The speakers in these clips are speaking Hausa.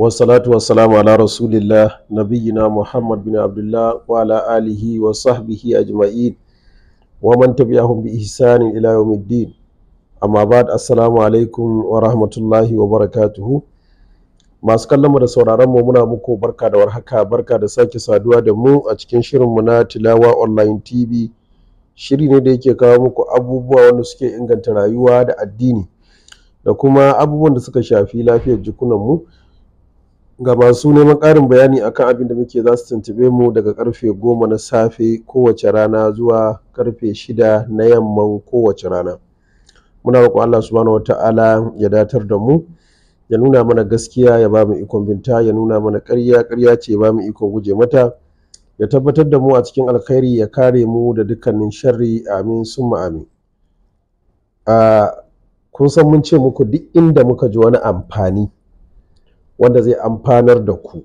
wasalatu wasalamu ala rasulillah nabiyina muhammad bin abdullah wa ala alihi wa sahbihi ajma'in wa man tabi'ahum bi ihsanin ila yawmiddin amma ba'd assalamu alaikum wa rahmatullahi wa barakatuhu masu kallon mu da sauraron mu muna muku barka da warhaka barka da sake saduwa da mu a cikin shirin mu na tilawa online tv shiri ne da yake kawo muku abubuwa wanda suke inganta rayuwa da addini da kuma abubuwan da suka shafi lafiyar jikunan mu ga masu neman ƙarin bayani akan abin da muke za su tuntube mu daga karfe goma na safe kowace rana zuwa karfe shida na yamman kowace rana muna roƙo Allah subhanahu wata'ala ya datar da mu ya nuna mana gaskiya ya ba mu ikon binta ya nuna mana ƙarya ƙarya ce ba mu ikon guje mata ya tabbatar da mu a cikin alkhairi ya kare mu da dukkanin sharri amin summa amin kun san mun ce muku duk inda muka ji wani amfani wanda zai amfanar da ku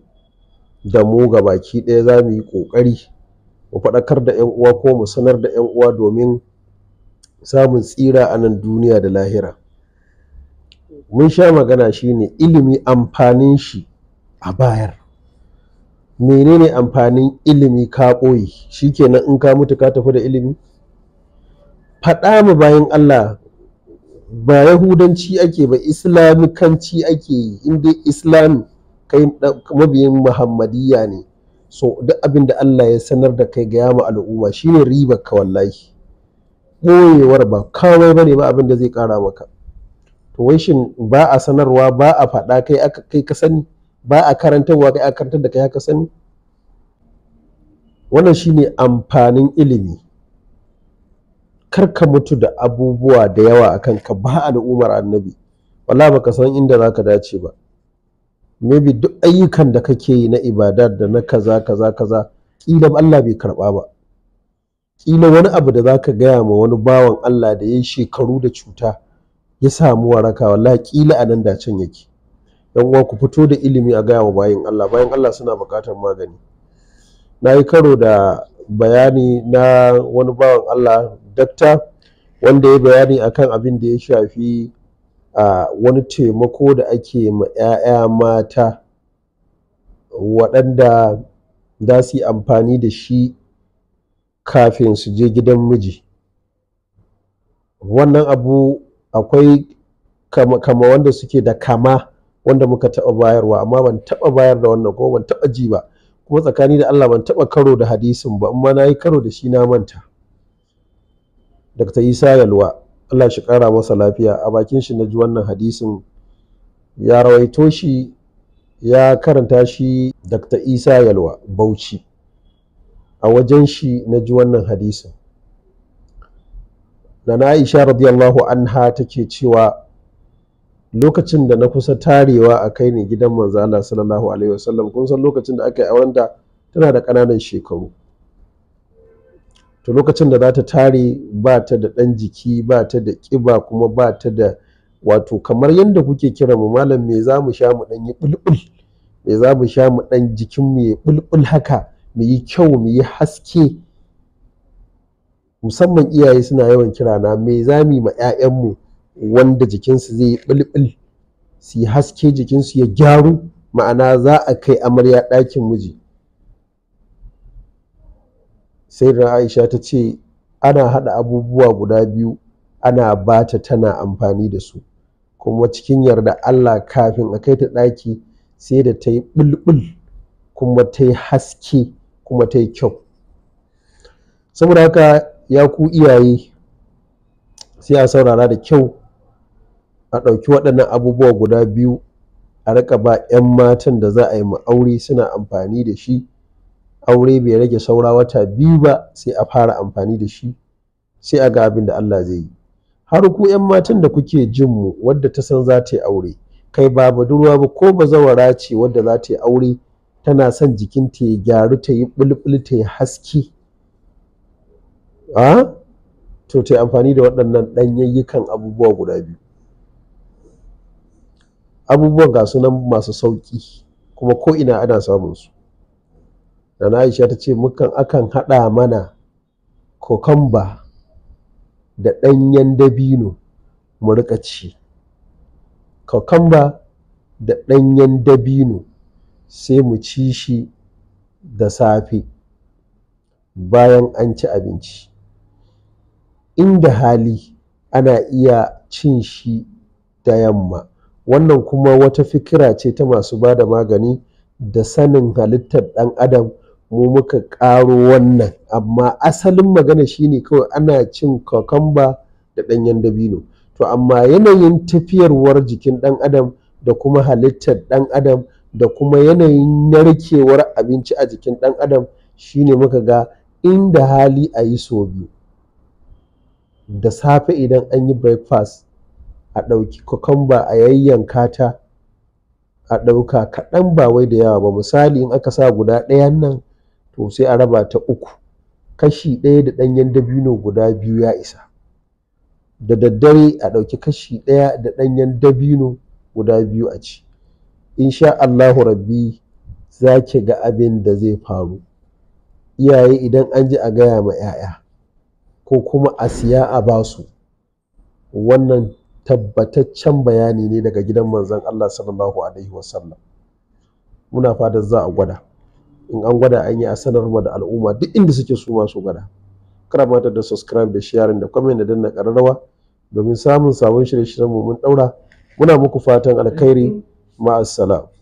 da mu ga baki ɗaya za mu yi ƙoƙari mu faɗakar da 'yan uwa ko mu sanar da 'yan uwa domin samun tsira a nan duniya da lahira mun sha magana shine ilimi amfanin shi a bayar menene amfanin ilimi ka ɓoye shikenan in ka mutu ka tafi da ilimi faɗa mu bayan Allah ba yahudanci ake ba islamikanci ake yi inda islami kai mabiyin muhammadiyya ne so duk abin da Allah ya sanar da kai ga yamu al'umma shine riba ka wallahi boyewar ba kawai bane ba abin da zai kara maka to wai shin ba a sanarwa ba a faɗa kai aka kai ka sani ba a karantarwa kai aka karantar da kai aka sani wannan shine amfanin ilimi kar ka mutu da abubuwa da yawa a kanka ba al'ummar annabi wala baka san inda zaka dace ba maybe duk ayyukan da kake yi na ibadar da na kaza kaza kaza kila Allah bai karba ba kila wani abu da zaka gaya ma wani bawan Allah da ya shekaru da cuta ya samu waraka wallahi kila anan da can yake yan uwa ku fito da ilimi a gaya wa bayin Allah bayin Allah suna buƙatar magani na yi karo da bayani na wani bawan Allah dakta wanda ya bayani akan abin da ya shafi a wani taimako da ake ma 'ya'ya mata waɗanda za su yi amfani da shi kafin su je gidan miji wannan abu akwai kama, wanda suke da kama wanda muka taɓa bayarwa amma ban taɓa bayar da wannan kuma ban taɓa ji ba kuma tsakani da Allah ban taɓa karo da hadisin ba amma na yi karo da shi na manta Dr. Isa Yalwa Allah shi ƙara masa lafiya a bakin shi na ji wannan hadisin ya rawaito shi ya karanta shi Dr. Isa Yalwa Bauchi a wajen shi na ji wannan hadisin na Aisha radiyallahu anha take cewa lokacin da na kusa tarewa a kai ne gidan manzo Allah sallallahu alaihi wasallam kun san lokacin da aka yi aurenta tana da ƙananan shekaru to lokacin da za ta tare ba ta da ɗan jiki ba ta da ƙiba kuma ba ta da wato kamar yadda kuke kira mu malam me za mu sha mu ɗan yi bulbul me za mu sha mu ɗan jikin mu yi bulbul haka mu yi kyau mu yi haske musamman iyaye suna yawan kira na me za mu yi ma 'ya'yanmu wanda jikinsu zai yi bulbul su yi haske jikinsu ya gyaru ma'ana za a kai amarya ɗakin miji sai da aisha ta ce ana haɗa abubuwa guda biyu ana bata tana amfani da su kuma cikin yarda allah kafin a kai ta ɗaki sai da ta yi bulbul kuma ta yi haske kuma ta yi kyau saboda haka ya ku iyaye sai a saurara da kyau a ɗauki waɗannan abubuwa guda biyu a rika ba 'yan matan da za a yi ma'auri suna amfani da shi aure bai rage saura wata biyu ba sai a fara amfani da shi sai a ga abin da Allah zai yi har ku 'yan matan da kuke jin mu wadda ta san za ta yi aure kai ba budurwa ba ko bazawara ce wadda za ta yi aure tana son jikin ta ya gyaru ta yi bulbul ta yi haske a ah? to ta amfani da waɗannan ɗanyayyukan abubuwa guda biyu abubuwan ga sunan masu sauƙi kuma ko ina ana samun su da na aisha ta ce mukan akan haɗa mana kokamba da ɗanyen dabino mu rikaci ci kokamba da ɗanyen dabino sai mu ci shi da safe bayan an ci abinci inda hali ana iya cin shi da yamma wannan kuma wata fikira ce ta masu ba da magani da sanin halittar ɗan adam mu muka ƙaro wannan amma asalin magana shine kawai ana cin kokamba da ɗanyen dabino to amma yanayin tafiyarwar jikin ɗan adam da kuma halittar ɗan adam da kuma yanayin narkewar abinci a jikin ɗan adam shine muka ga inda hali a yi so biyu da safe idan an yi breakfast a ɗauki cucumber a yayyanka ta a ɗauka kaɗan ba wai da yawa ba misali in aka sa guda ɗayan nan to sai a raba ta uku kashi ɗaya da ɗanyen dabino guda biyu ya isa da daddare a ɗauki kashi ɗaya da ɗanyen dabino guda biyu a ci insha Allahu rabbi za ki ga abin da zai faru iyaye idan an ji a gaya ma 'ya'ya ko kuma a siya a basu wannan tabbataccen bayani ne daga gidan manzon Allah sallallahu alaihi wasallam muna fada za a gwada in an gwada an yi a sanar da al'umma duk inda suke su masu gwada kada mata da subscribe da sharing da comment da danna kararrawa domin samun sabon shirye-shiryen mu mun daura muna muku fatan alkhairi ma'assalam